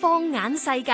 放眼世界，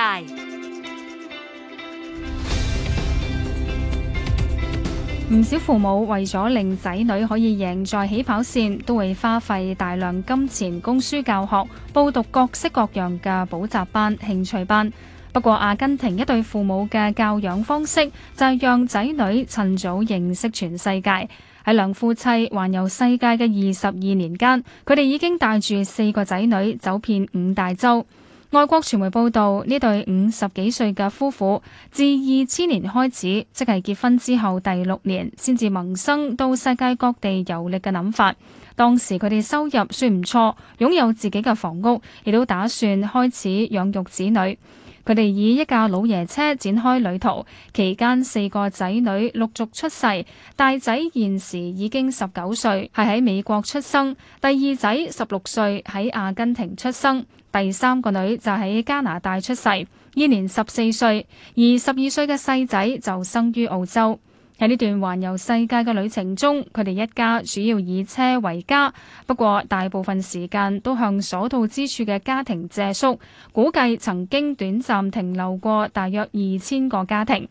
唔少父母為咗令仔女可以贏在起跑線，都會花費大量金錢供書教學、報讀各式各樣嘅補習班、興趣班。不過，阿根廷一對父母嘅教養方式就係讓仔女趁早認識全世界。喺兩夫妻環遊世界嘅二十二年間，佢哋已經帶住四個仔女走遍五大洲。外國傳媒報道，呢對五十幾歲嘅夫婦，自二千年開始，即係結婚之後第六年，先至萌生到世界各地遊歷嘅諗法。當時佢哋收入算唔錯，擁有自己嘅房屋，亦都打算開始養育子女。佢哋以一架老爺車展開旅途，期間四個仔女陸續出世。大仔現時已經十九歲，係喺美國出生；第二仔十六歲喺阿根廷出生；第三個女就喺加拿大出世，現年十四歲，而十二歲嘅細仔就生於澳洲。喺呢段環遊世界嘅旅程中，佢哋一家主要以車為家，不過大部分時間都向所到之處嘅家庭借宿，估計曾經短暫停留過大約二千個家庭。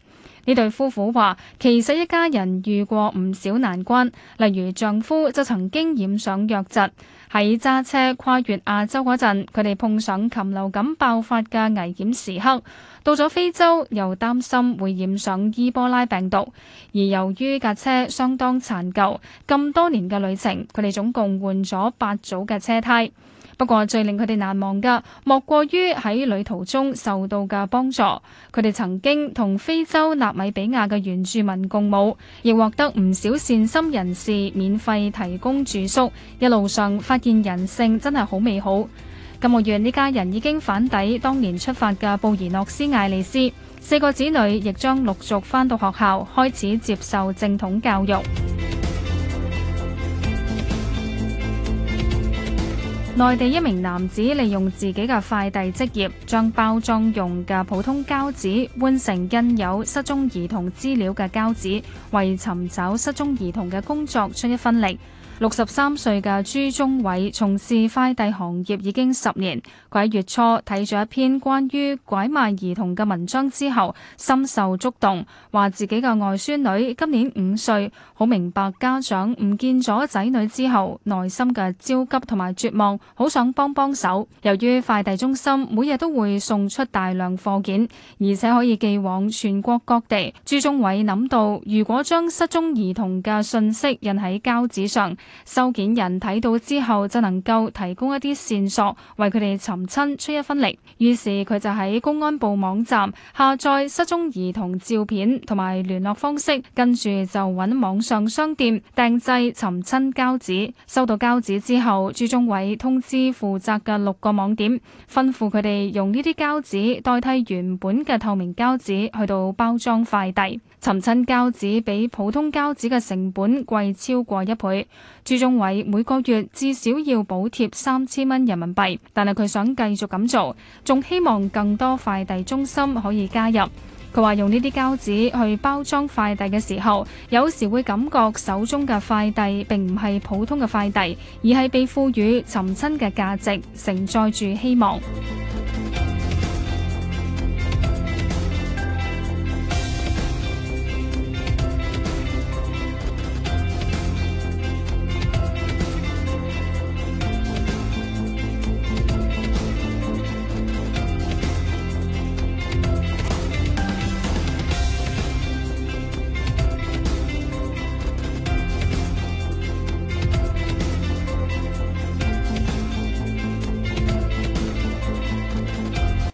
呢對夫婦話，其實一家人遇過唔少難關，例如丈夫就曾經染上瘧疾。喺揸車跨越亞洲嗰陣，佢哋碰上禽流感爆發嘅危險時刻；到咗非洲，又擔心會染上伊波拉病毒。而由於架車相當殘舊，咁多年嘅旅程，佢哋總共換咗八組嘅車胎。不過最令佢哋難忘嘅，莫過於喺旅途中受到嘅幫助。佢哋曾經同非洲納米比亞嘅原住民共舞，亦獲得唔少善心人士免費提供住宿。一路上發現人性真係好美好。今個月呢家人已經返抵當年出發嘅布宜諾斯艾利斯，四個子女亦將陸續返到學校，開始接受正統教育。內地一名男子利用自己嘅快遞職業，將包裝用嘅普通膠紙換成印有失蹤兒童資料嘅膠紙，為尋找失蹤兒童嘅工作出一分力。六十三歲嘅朱宗偉從事快遞行業已經十年。佢喺月初睇咗一篇關於拐賣兒童嘅文章之後，深受觸動，話自己嘅外孫女今年五歲，好明白家長唔見咗仔女之後內心嘅焦急同埋絕望，好想幫幫手。由於快遞中心每日都會送出大量貨件，而且可以寄往全國各地，朱宗偉諗到，如果將失蹤兒童嘅信息印喺膠紙上，收件人睇到之後，就能夠提供一啲線索，為佢哋尋親出一分力。於是佢就喺公安部網站下載失蹤兒童照片同埋聯絡方式，跟住就揾網上商店訂製尋親膠紙。收到膠紙之後，朱宗偉通知負責嘅六個網點，吩咐佢哋用呢啲膠紙代替原本嘅透明膠紙去到包裝快遞。尋親膠紙比普通膠紙嘅成本貴超過一倍。朱宗偉每個月至少要補貼三千蚊人民幣，但係佢想繼續咁做，仲希望更多快遞中心可以加入。佢話用呢啲膠紙去包裝快遞嘅時候，有時會感覺手中嘅快遞並唔係普通嘅快遞，而係被賦予尋親嘅價值，承載住希望。